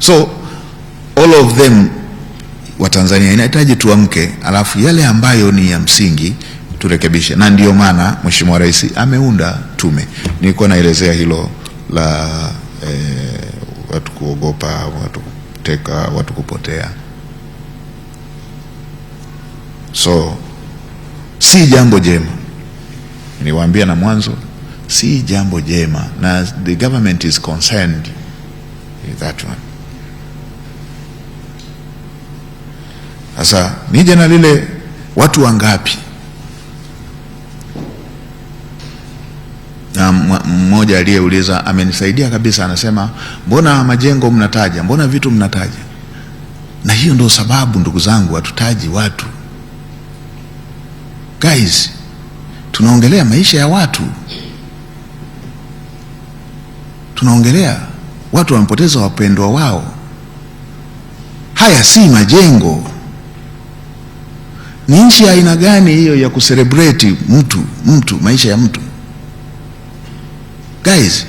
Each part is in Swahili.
So all of them wa tanzania inahitaji tuamke, alafu yale ambayo ni ya msingi turekebishe, na ndio maana Mheshimiwa Rais ameunda tume. Nilikuwa naelezea hilo la eh, watu kuogopa, watu kuteka, watu kupotea. So si jambo jema, niwaambia na mwanzo, si jambo jema, na the government is concerned with that one. Sasa nije na lile watu wangapi? Na mmoja aliyeuliza amenisaidia kabisa, anasema mbona majengo mnataja, mbona vitu mnataja? Na hiyo ndio sababu ndugu zangu, hatutaji watu guys, tunaongelea maisha ya watu, tunaongelea watu wamepoteza wapendwa wao. Haya si majengo ni nchi ya aina gani hiyo ya kuselebreti mtu mtu maisha ya mtu? Guys,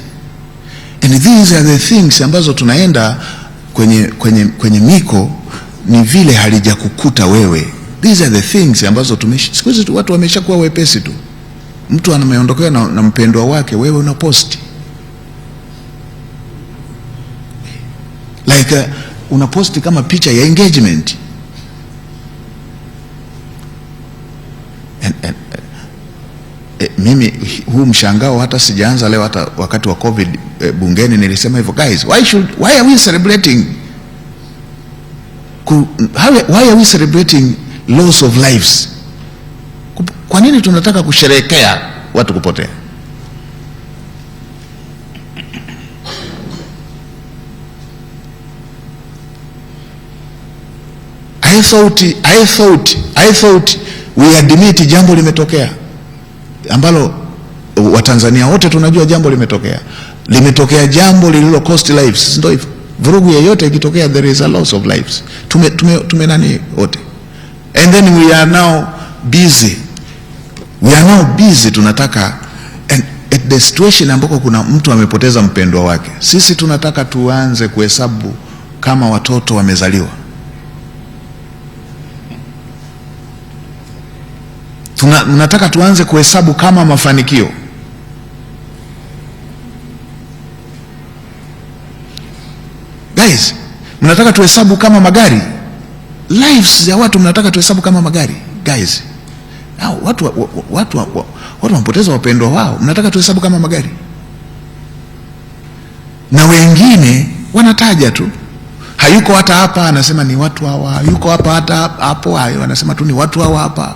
and these are the things ambazo tunaenda kwenye, kwenye, kwenye miko ni vile halijakukuta wewe. These are the things ambazo siku hizi watu wameshakuwa wepesi tu, mtu anameondokewa na, na mpendwa wake, wewe una posti like uh, una posti kama picha ya engagement Eh, eh, eh, mimi huu mshangao hata sijaanza leo. Hata wakati wa covid eh, bungeni nilisema hivyo, guys why should, why are we celebrating ku, how, why are we celebrating loss of lives? Kwa nini tunataka kusherehekea watu kupotea? I thought, I thought, I thought admit jambo limetokea ambalo Watanzania wote tunajua jambo limetokea, limetokea jambo lililo cost lives, ndio hivyo. Vurugu yoyote ikitokea, there is a loss of lives. Tume, tume, tume nani wote, and then we are now busy, we are now busy, tunataka and at the situation ambako kuna mtu amepoteza mpendwa wake, sisi tunataka tuanze kuhesabu kama watoto wamezaliwa tuna, nataka tuanze kuhesabu kama mafanikio guys, mnataka tuhesabu kama magari lives ya watu, mnataka tuhesabu kama magari guys. Now, watu watu, watu, watu, wapendwa wao, mnataka tuhesabu kama magari, na wengine wanataja tu hayuko hata hapa, anasema ni watu hawa, yuko hapa hata hapo, hayo anasema tu ni watu hawa hapa